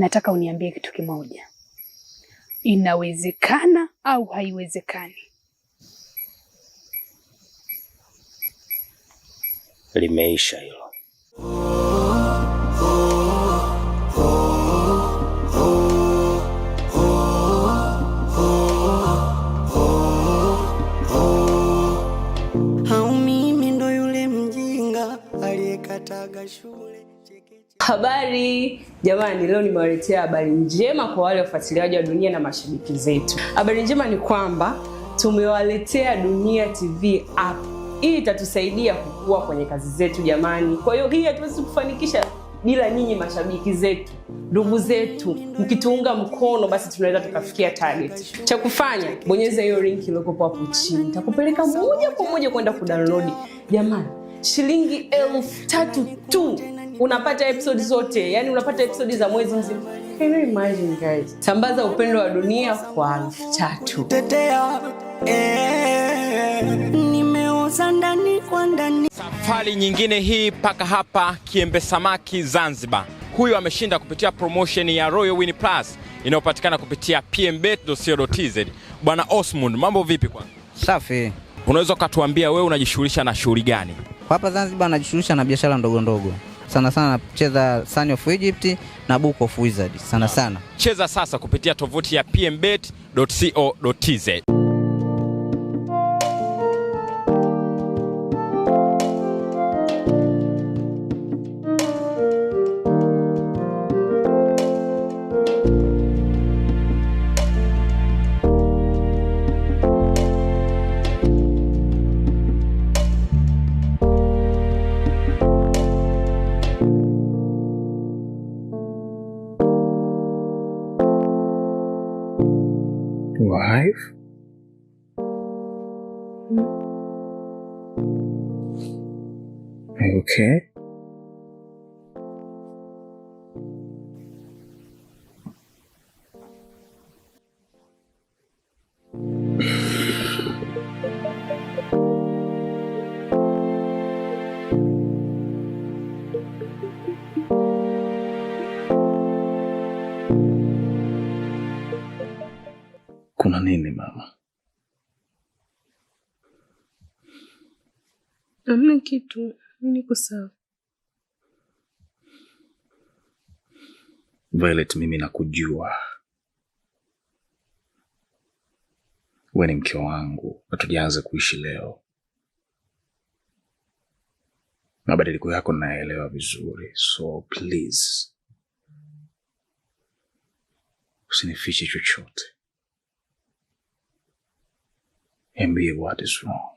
nataka uniambie kitu kimoja, inawezekana au haiwezekani? Limeisha hilo. Au mimi ndo yule mjinga aliyekataga shule? Habari jamani, leo nimewaletea habari njema kwa wale wafuatiliaji wa Dunia na mashabiki zetu. Habari njema ni kwamba tumewaletea Dunia TV app. Hii itatusaidia kukua kwenye kazi zetu jamani. Kwa hiyo hii hatuwezi kufanikisha bila nyinyi mashabiki zetu, ndugu zetu, mkituunga mkono, basi tunaweza tukafikia target. Cha kufanya bonyeza hiyo link iliyoko hapo chini, itakupeleka moja kwa moja kwenda kudownload. Jamani, shilingi elfu tatu tu unapata episodi zote, yani unapata episodi za mwezi mzima. Can you imagine guys? Sambaza upendo wa dunia kwa elfu tatu. Eh. Safari nyingine hii mpaka hapa Kiembe Samaki Zanzibar. Huyu ameshinda kupitia promotion ya Royal Win Plus inayopatikana kupitia pmbet.co.tz. Bwana Osmund, mambo vipi kwanza? Safi. Unaweza ukatuambia wewe unajishughulisha na shughuli gani? Hapa Zanzibar najishughulisha na biashara ndogo ndogo sana sana cheza Sun of Egypt na Book of Wizard sana sana. Cheza sasa kupitia tovuti ya pmbet.co.tz. nini mama? Hamna kitu, mimi niko sawa. Violet, mimi nakujua, we ni mke wangu, hatujaanza kuishi leo. Mabadiliko yako naelewa vizuri, so please usinifiche chochote. Niambie what is wrong.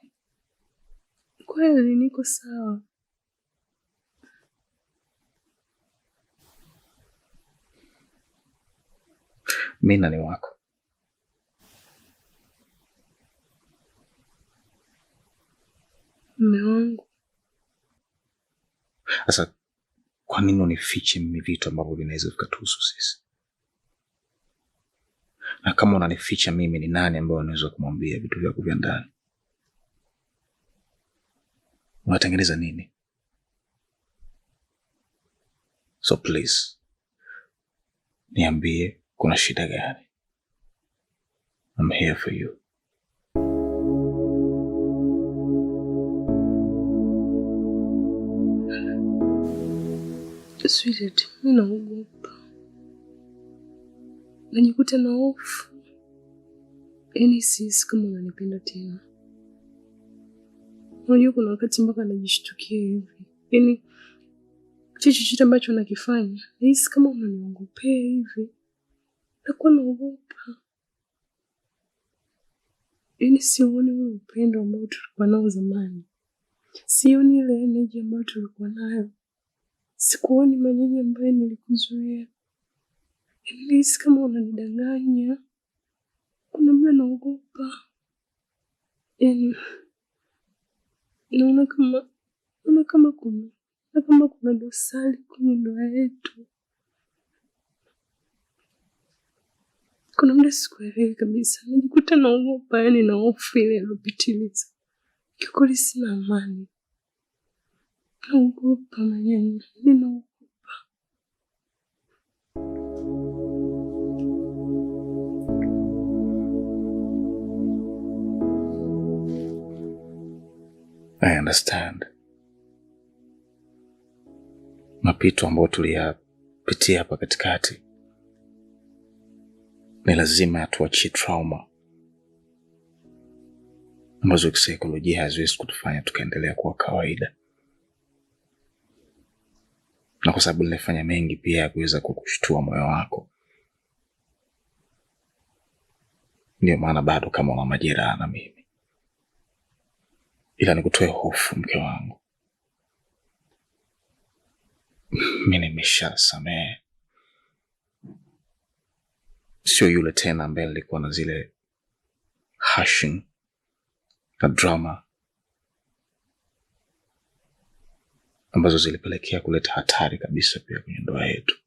Kweli niko sawa. Mina ni wako. Mume wangu. Sasa kwa nini unifiche mimi vitu ambavyo vinaweza vikatuhusu sisi? na kama unanificha mimi, ni nani ambayo unaweza kumwambia vitu vyako vya ndani? Unatengeneza nini? So please niambie, kuna shida gani? I'm here for you. Sweetheart, mimi naogopa najikuta na hofu yaani, sisi kama unanipenda tena. Unajua, kuna wakati mpaka najishtukia hivi, yaani chochote ambacho nakifanya nahisi kama unaniongopea hivi, nakuwa naogopa. Yaani sioni ule upendo ambao tulikuwa nao zamani, sioni ile eneji ambayo tulikuwa nayo, sikuoni manyeji ambayo nilikuzuia Elise, kama unanidanganya, kuna mda naogopa, yani naona kama naona kama kuna na kama kuna dosari kwenye ndoa yetu. Kuna mda sikuelewi kabisa, najikuta naogopa, yani na hofu ile iliyopitiliza. Kiukweli sina amani, naogopa maneno nina yaani I understand mapito ambayo tuliyapitia hapa katikati, ni lazima yatuachie trauma ambazo kisaikolojia haziwezi kutufanya tukaendelea kuwa kawaida, na kwa sababu nilifanya mengi pia ya kuweza kukushtua moyo wako, ndio maana bado kama una majeraha na mimi ila nikutoe hofu, mke wangu, mi samee sio yule tena ambaye nilikuwa na zile hashing na drama ambazo zilipelekea kuleta hatari kabisa pia kwenye ndoa yetu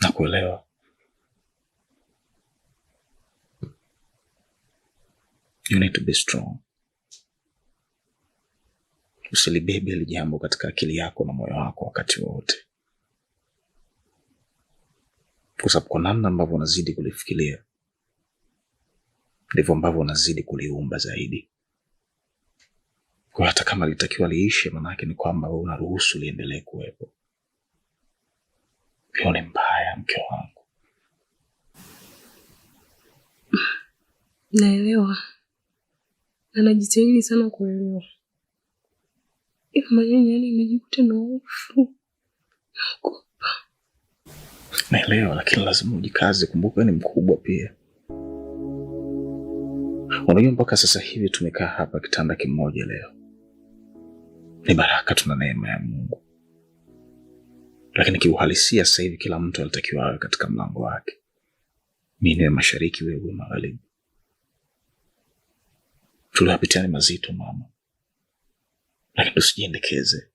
na kuelewa you need to be strong. Usilibebe hili jambo katika akili yako na moyo wako wakati wowote, kwa sababu kwa namna ambavyo unazidi kulifikiria ndivyo ambavyo unazidi kuliumba zaidi. Kwa hata kama litakiwa liishe, maanake ni kwamba wewe unaruhusu liendelee kuwepo. Hiyo ni mbaya, mke wangu. Naelewa na najitahidi sana kuelewa. Ila maneno yani nimejikuta na hofu. Naogopa. Naelewa, lakini lazima ujikaze. Kumbuka ni mkubwa pia. Unajua mpaka sasa hivi tumekaa hapa kitanda kimoja leo. Ni baraka, tuna neema ya Mungu. Lakini kiuhalisia sasa hivi kila mtu alitakiwa awe katika mlango wake. Mi niwe mashariki, wewe magharibi tuliwapitia ni mazito mama, lakini tusijiendekeze,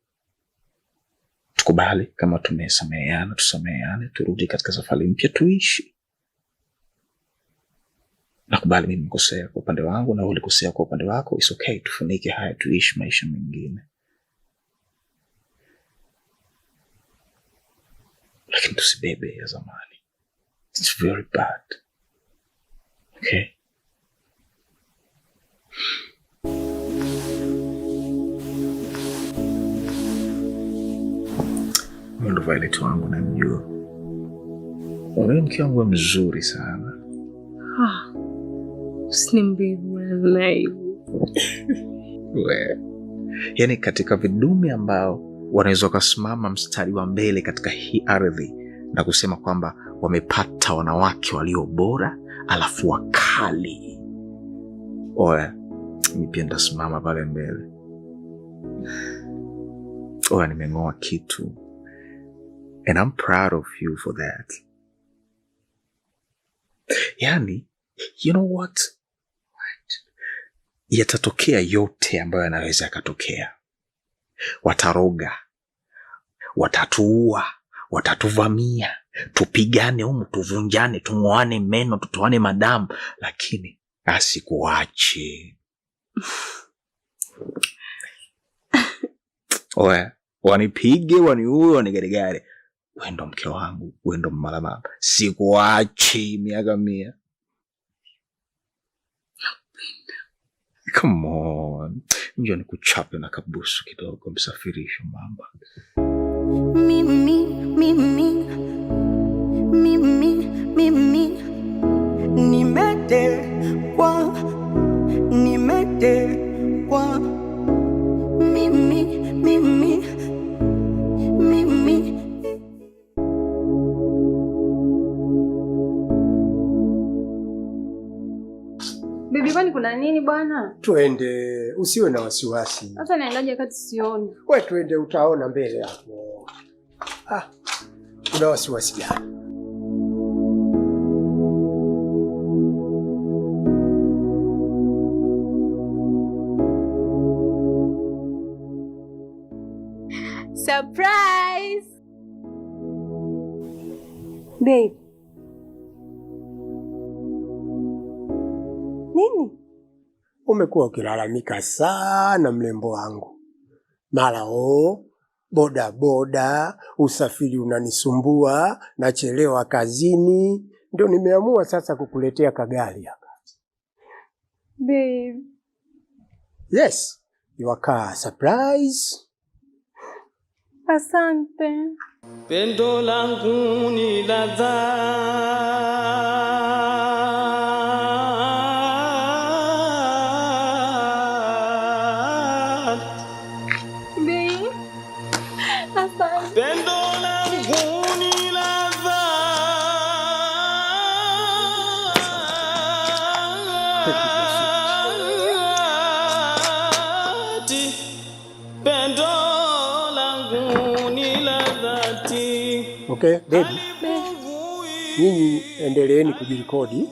tukubali kama tumesameheana, tusameheane, turudi katika safari mpya, tuishi. Nakubali mimi nimekosea kwa upande wangu na ulikosea kwa upande wako, it's okay, tufunike haya, tuishi maisha mengine, lakini tusibebe ya zamani. It's very bad. Okay. Ndo Violet wangu namjua, wewe mke wangu mzuri sana. Ah, yaani katika vidume ambao wanaweza wakasimama mstari wa mbele katika hii ardhi na kusema kwamba wamepata wanawake walio bora alafu wakali. Oya, mi pia nitasimama pale mbele. Oya, nimeng'oa kitu and I'm proud of you for that. Yani, you know what, what? Yatatokea yote ambayo yanaweza yakatokea. Wataroga, watatuua, watatuvamia, tupigane humu, tuvunjane, tung'oane meno, tutoane madamu, lakini asikuache. Oya, wanipige waniue, wanigarigare, we ndo mke wangu, we ndo mmalababa, sikuachi miaka mia. Come on, njo nikuchape na kabusu kidogo, msafirisho mamba mimi, mimi, mimi, mimi. nini bwana? Twende, usiwe na wasiwasi. Sasa naendaje kati sioni? Wewe twende, utaona mbele hapo. Ah, una wasiwasi gani? Surprise! Babe. umekuwa ukilalamika sana mrembo wangu, mara o boda boda, usafiri unanisumbua, nachelewa kazini. Ndio nimeamua sasa kukuletea kagari hapa. Babe. Yes, your car surprise. Asante. Pendo langu ni ladhaa Okay, baby, nyinyi endeleeni kujirikodi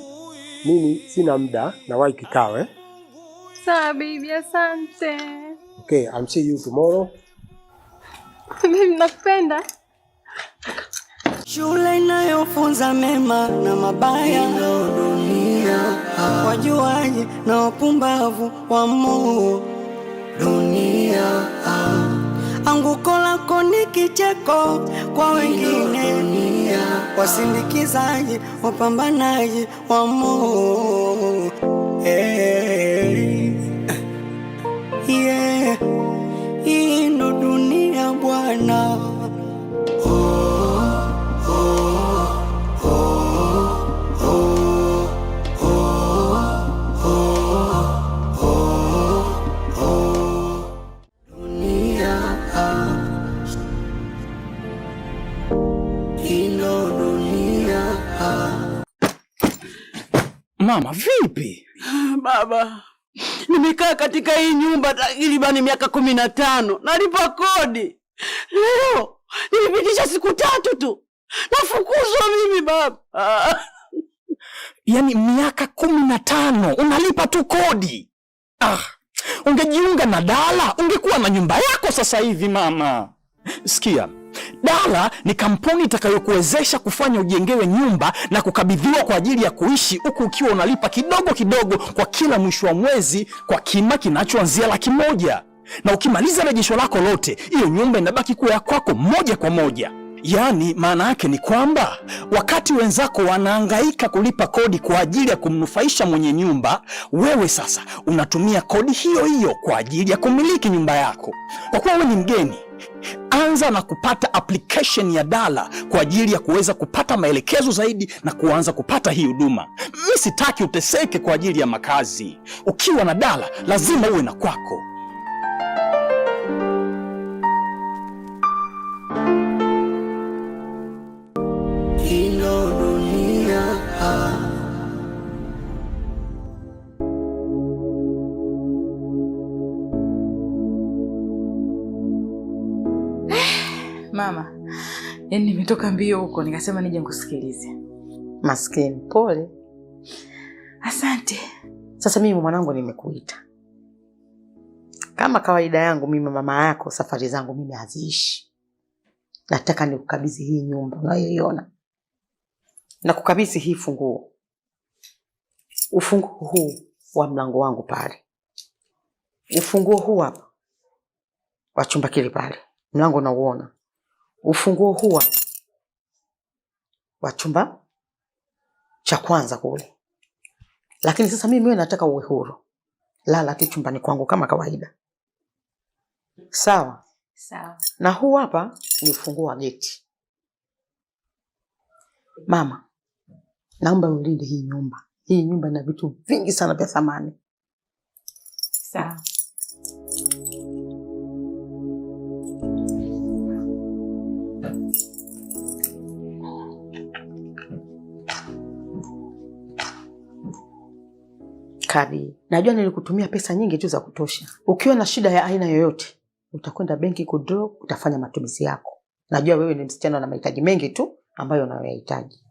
mimi sina muda na wai kikawe. Eh? Sawa baby, asante. Okay, I'll see you tomorrow. Baby, nakupenda. Shule inayofunza mema na mabaya, dunia wajuaji na wapumbavu wa moo dunia anguko lako ni kicheko kwa wengine, wasindikizaji, wapambanaji wa Mungu hey. Eh. kumi na tano nalipa kodi. Leo nilipitisha siku tatu tu nafukuzwa mimi baba. Yaani miaka kumi na tano unalipa tu kodi? Ah, ungejiunga na Dala ungekuwa na nyumba yako sasa hivi mama. Sikia, Dala ni kampuni itakayokuwezesha kufanya ujengewe nyumba na kukabidhiwa kwa ajili ya kuishi huku ukiwa unalipa kidogo kidogo kwa kila mwisho wa mwezi kwa kima kinachoanzia laki moja na ukimaliza rejesho lako lote, hiyo nyumba inabaki kuwa ya kwako moja kwa moja. Yaani maana yake ni kwamba wakati wenzako wanaangaika kulipa kodi kwa ajili ya kumnufaisha mwenye nyumba, wewe sasa unatumia kodi hiyo hiyo kwa ajili ya kumiliki nyumba yako. Kwa kuwa wewe ni mgeni, anza na kupata application ya Dala kwa ajili ya kuweza kupata maelekezo zaidi na kuanza kupata hii huduma. Mimi sitaki uteseke kwa ajili ya makazi. Ukiwa na Dala lazima uwe na kwako. Yaani nimetoka mbio huko nikasema nije nikusikilize. Maskini, pole. Asante. Sasa mimi mwanangu, nimekuita kama kawaida yangu, mimi mama yako. Safari zangu mimi haziishi. Nataka nikukabidhi hii nyumba unayoiona, kukabidhi hii funguo, ufunguo huu wa mlango wangu pale, ufunguo huu hapa wa chumba kile pale, mlango nauona ufunguo huwa wa chumba cha kwanza kule, lakini sasa mimi wewe nataka uwe huru, lala tu chumbani kwangu kama kawaida, sawa sawa. Na huu hapa ni ufunguo wa geti. Mama, naomba ulinde hii nyumba. Hii nyumba ina vitu vingi sana vya thamani. Sawa. kadi. Najua nilikutumia pesa nyingi tu za kutosha. Ukiwa na shida ya aina yoyote, utakwenda benki kudro, utafanya matumizi yako. Najua wewe ni msichana na mahitaji mengi tu ambayo unayoyahitaji,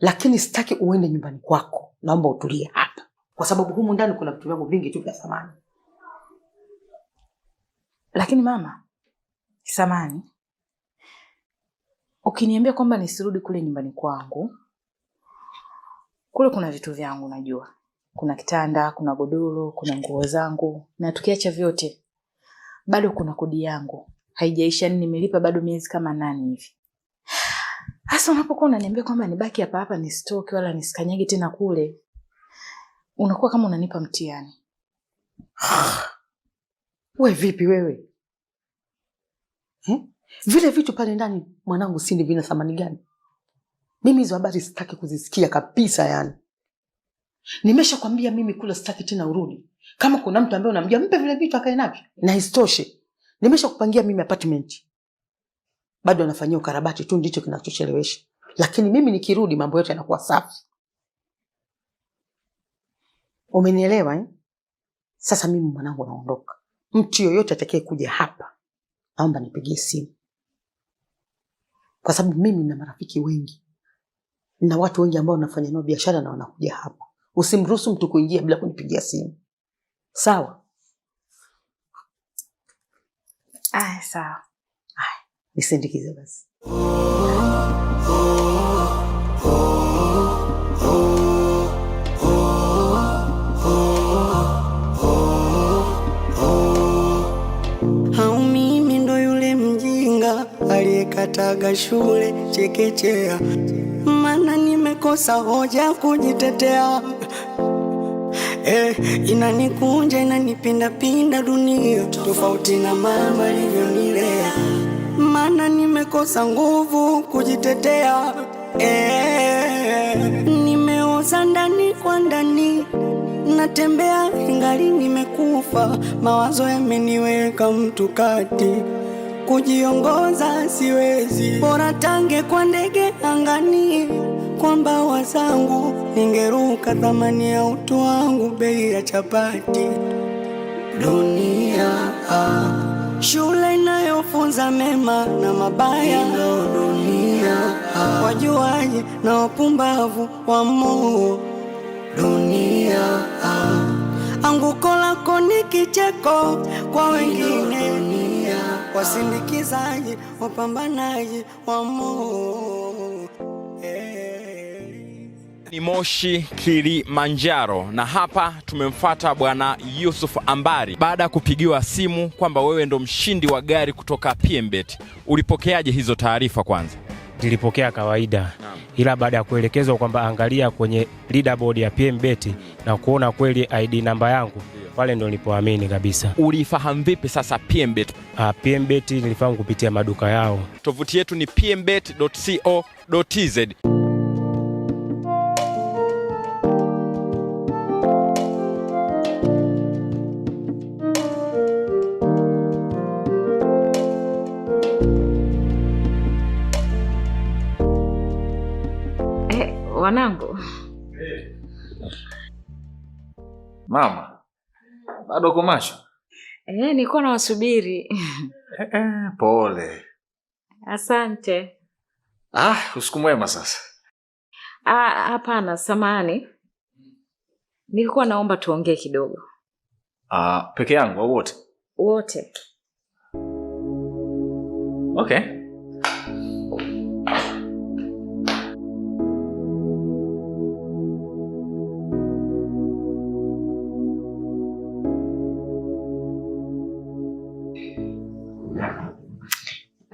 lakini sitaki uende nyumbani kwako. Naomba utulie hapa, kwa sababu humu ndani kuna vitu vyangu vingi tu vya thamani. Lakini mama, samani, ukiniambia kwamba nisirudi kule nyumbani kwangu, kule kuna vitu vyangu najua kuna kitanda, kuna godoro, kuna nguo zangu, na tukiacha vyote bado kuna kodi yangu haijaisha, ni nimelipa bado miezi kama nane hivi. Hasa unapokuwa unaniambia kwamba nibaki hapa hapa nisitoke wala nisikanyage tena kule, unakuwa kama unanipa mtihani. We vipi wewe he? Hmm? Vile vitu pale ndani mwanangu, sindi vina thamani gani? Mimi hizo habari sitaki kuzisikia kabisa, yani nimesha kwambia mimi kula sitaki tena urudi. Kama kuna mtu ambaye unamjua mpe vile vitu akae navyo. Na isitoshe, kupangia mimi apartment. Bado anafanyia ukarabati tu ndicho kinachochelewesha. Lakini mimi nikirudi mambo yote yanakuwa safi. Umenielewa eh? Sasa mimi mwanangu naondoka. Mtu yoyote atakaye kuja hapa naomba nipigie simu. Kwa sababu mimi na marafiki wengi. Na watu wengi ambao wanafanya nao biashara na wanakuja hapa. Usimruhusu mtu kuingia bila kunipigia simu, sawa? Aya, sawa. Aya, nisindikize basi. Kataga shule chekechea, mana nimekosa hoja kujitetea. Eh, inanikunja inanipindapinda dunia tofauti na mama alivyonilea, mana nimekosa nguvu kujitetea. Eh, nimeoza ndani kwa ndani, natembea ingali nimekufa, mawazo yameniweka mtu kati kujiongoza siwezi, bora tange kwa ndege angani kwamba wazangu, ningeruka thamani ya utu wangu, bei ya chapati dunia. Ah, shule inayofunza mema na mabaya dunia. Ah, wajuaji na wapumbavu wa moo dunia. Ah, anguko lako ni kicheko kwa wengine, wasindikizaji, wapambanaji wa moo ni Moshi Kilimanjaro, na hapa tumemfuata bwana Yusuf Ambari baada ya kupigiwa simu kwamba wewe ndo mshindi wa gari kutoka PMbet. Ulipokeaje hizo taarifa? Kwanza nilipokea kawaida, ila baada ya kuelekezwa kwamba angalia kwenye leaderboard ya PMbet na kuona kweli ID namba yangu pale ndo nilipoamini kabisa. Ulifahamu vipi sasa PMbet? Ah, PMbet nilifahamu kupitia maduka yao. Tovuti yetu ni pmbet.co.tz. wanangu? Mama bado uko macho? Eh, wasubiri nawasubiri. Eh, eh, pole. Asante. Ah, usiku mwema sasa. Ah, hapana, samahani, nilikuwa naomba tuongee kidogo. Ah, peke yangu au wote? Wote. Okay.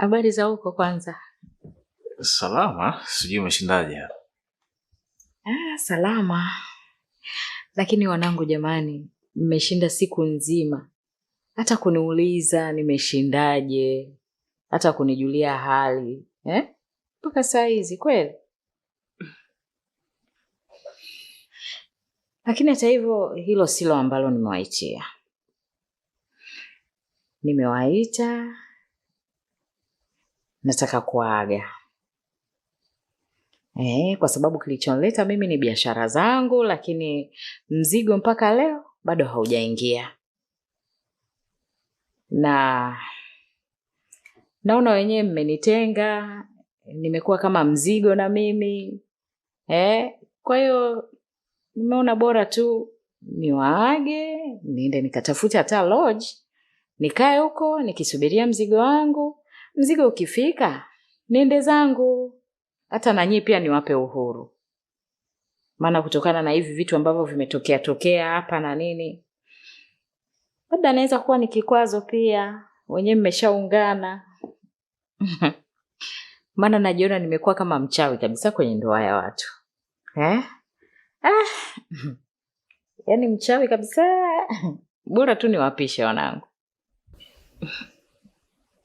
Habari za huko kwanza? Salama, sijui umeshindaje hapa. Ah, salama. Lakini wanangu jamani, mmeshinda siku nzima, hata kuniuliza nimeshindaje, hata kunijulia hali eh? mpaka eh, saa hizi kweli. Lakini hata hivyo, hilo silo ambalo nimewaitia. Nimewaita nataka kuaga eh, kwa sababu kilichonileta mimi ni biashara zangu, lakini mzigo mpaka leo bado haujaingia, na naona wenyewe mmenitenga, nimekuwa kama mzigo na mimi eh. kwa hiyo nimeona bora tu niwaage niende nikatafute hata lodge nikae huko nikisubiria mzigo wangu Mzigo ukifika nende zangu, hata nanyi pia niwape uhuru, maana kutokana na hivi vitu ambavyo vimetokea tokea hapa na nini, labda naweza kuwa ni kikwazo pia. Wenyewe mmeshaungana maana najiona nimekuwa kama mchawi kabisa kwenye ndoa ya watu eh? Ah. Yaani mchawi kabisa bora tu niwapishe wanangu.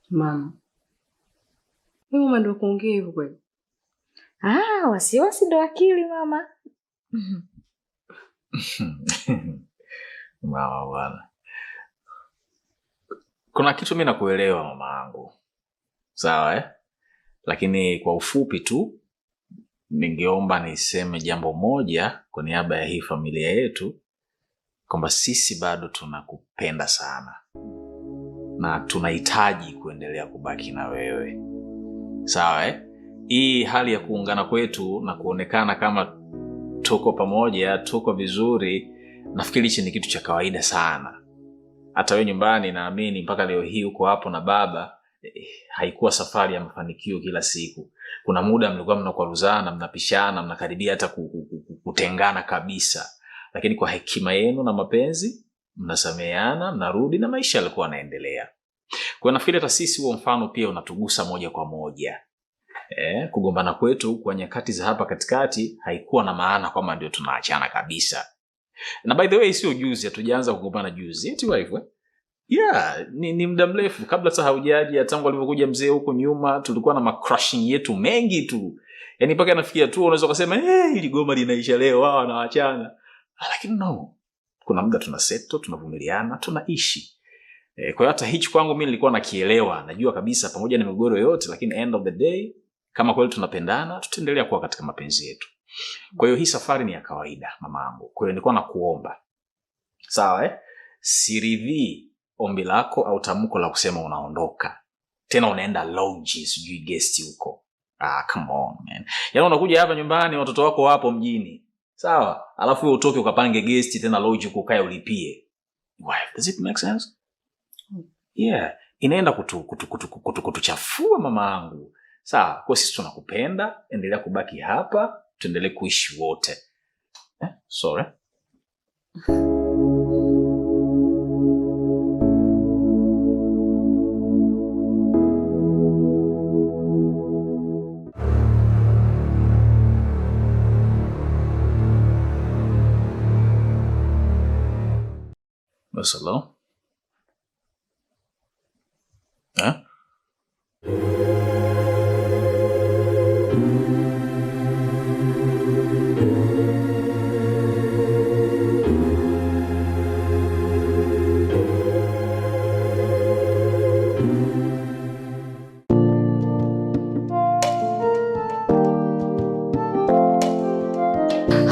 Mama, wewe mama kuongea hivyo kweli? Ah, wasiwasi ndo akili mama. Mama bwana, kuna kitu mi nakuelewa mama yangu, sawa eh? Lakini kwa ufupi tu ningeomba niseme jambo moja kwa niaba ya hii familia yetu kwamba sisi bado tunakupenda sana na tunahitaji kuendelea kubaki na wewe sawa eh? Hii hali ya kuungana kwetu na kuonekana kama tuko pamoja, tuko vizuri, nafikiri hichi ni kitu cha kawaida sana. Hata wewe nyumbani, naamini mpaka leo hii uko hapo na baba eh, haikuwa safari ya mafanikio kila siku. Kuna muda mlikuwa mnakwaruzana, mnapishana, mnakaribia hata kutengana kabisa, lakini kwa hekima yenu na mapenzi mnasameheana, mnarudi na maisha yalikuwa yanaendelea. Kwa nafikiri hata sisi huo mfano pia unatugusa moja kwa moja. Eh, kugombana kwetu kwa nyakati za hapa katikati haikuwa na maana kwamba ndio tunaachana kabisa. Na by the way sio juzi hatujaanza kugombana juzi. Eti hivyo eh? Yeah, ni, ni muda mrefu kabla sasa haujaji, tangu alivyokuja mzee huko nyuma tulikuwa na macrushing yetu mengi tu. Yaani mpaka nafikia tu unaweza kusema eh hey, ili goma linaisha leo wao wanawachana. Ah, lakini no. Kuna muda tunaseto, tunavumiliana, tunaishi. E, kwa hiyo hata hichi kwangu mimi nilikuwa nakielewa, najua kabisa pamoja na migogoro yote, lakini end of the day kama kweli tunapendana tutaendelea kuwa katika mapenzi yetu. Kwa hiyo hii safari ni ya kawaida mama yangu. Kwa hiyo nilikuwa nakuomba sawa, eh? Siridhii ombi lako au tamko la kusema unaondoka tena unaenda lodge sijui guest huko. Ah, come on man, yaani unakuja hapa nyumbani watoto wako wapo mjini sawa, alafu utoke ukapange guest tena lodge huko ukae ulipie. Why? Does it make sense? yeah inaenda kutuchafua kutu, kutu, kutu, kutu mama angu saa kwa sisi tunakupenda endelea kubaki hapa tuendelee kuishi wote eh? sorry Hello. Hein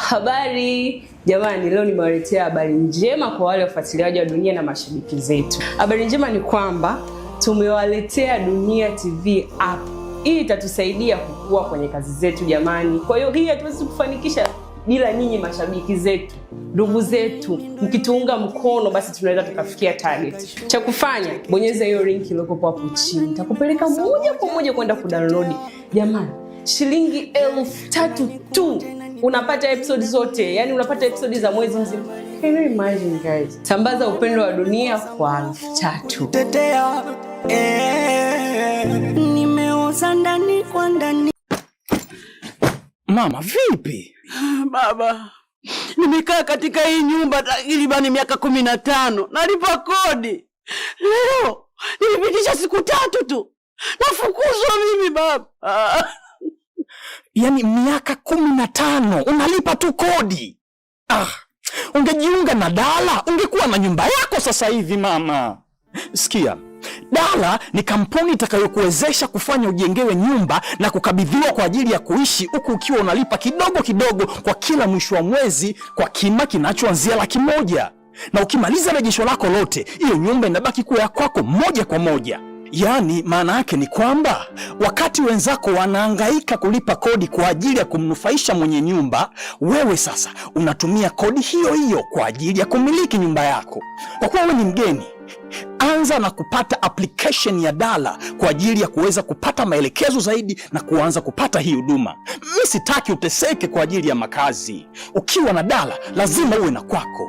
Habari jamani, leo nimewaletea habari njema kwa wale wafuatiliaji wa dunia na mashabiki zetu. Habari njema ni kwamba tumewaletea Dunia TV app. Hii itatusaidia kukua kwenye kazi zetu jamani. Kwa hiyo hii hatuwezi kufanikisha bila nyinyi mashabiki zetu, ndugu zetu, mkituunga mkono, basi tunaweza tukafikia target. Cha kufanya bonyeza hiyo link iliyokuwa hapo chini, takupeleka moja kwa moja kwenda kudownload. Jamani, shilingi elfu tatu tu unapata episode zote, yani unapata episode za mwezi mzima. Can you imagine guys? Sambaza upendo wa dunia kwa elfu tatu. Tetea, eh. nimeoza ndani kwa ndani. Mama vipi? Ah, baba, nimekaa katika hii nyumba takribani miaka kumi na tano nalipa kodi. Leo nilipitisha siku tatu tu, nafukuzwa mimi baba. Yaani miaka kumi na tano unalipa tu kodi? Ah. Ungejiunga na Dala, ungekuwa na nyumba yako sasa hivi. Mama sikia, Dala ni kampuni itakayokuwezesha kufanya ujengewe nyumba na kukabidhiwa kwa ajili ya kuishi, huku ukiwa unalipa kidogo kidogo kwa kila mwisho wa mwezi kwa kima kinachoanzia laki moja na ukimaliza rejesho lako lote, hiyo nyumba inabaki kuwa ya kwako moja kwa moja. Yaani maana yake ni kwamba wakati wenzako wanaangaika kulipa kodi kwa ajili ya kumnufaisha mwenye nyumba, wewe sasa unatumia kodi hiyo hiyo kwa ajili ya kumiliki nyumba yako. Kwa kuwa wewe ni mgeni, anza na kupata application ya Dala kwa ajili ya kuweza kupata maelekezo zaidi na kuanza kupata hii huduma. Mimi sitaki uteseke kwa ajili ya makazi. Ukiwa na Dala lazima uwe na kwako.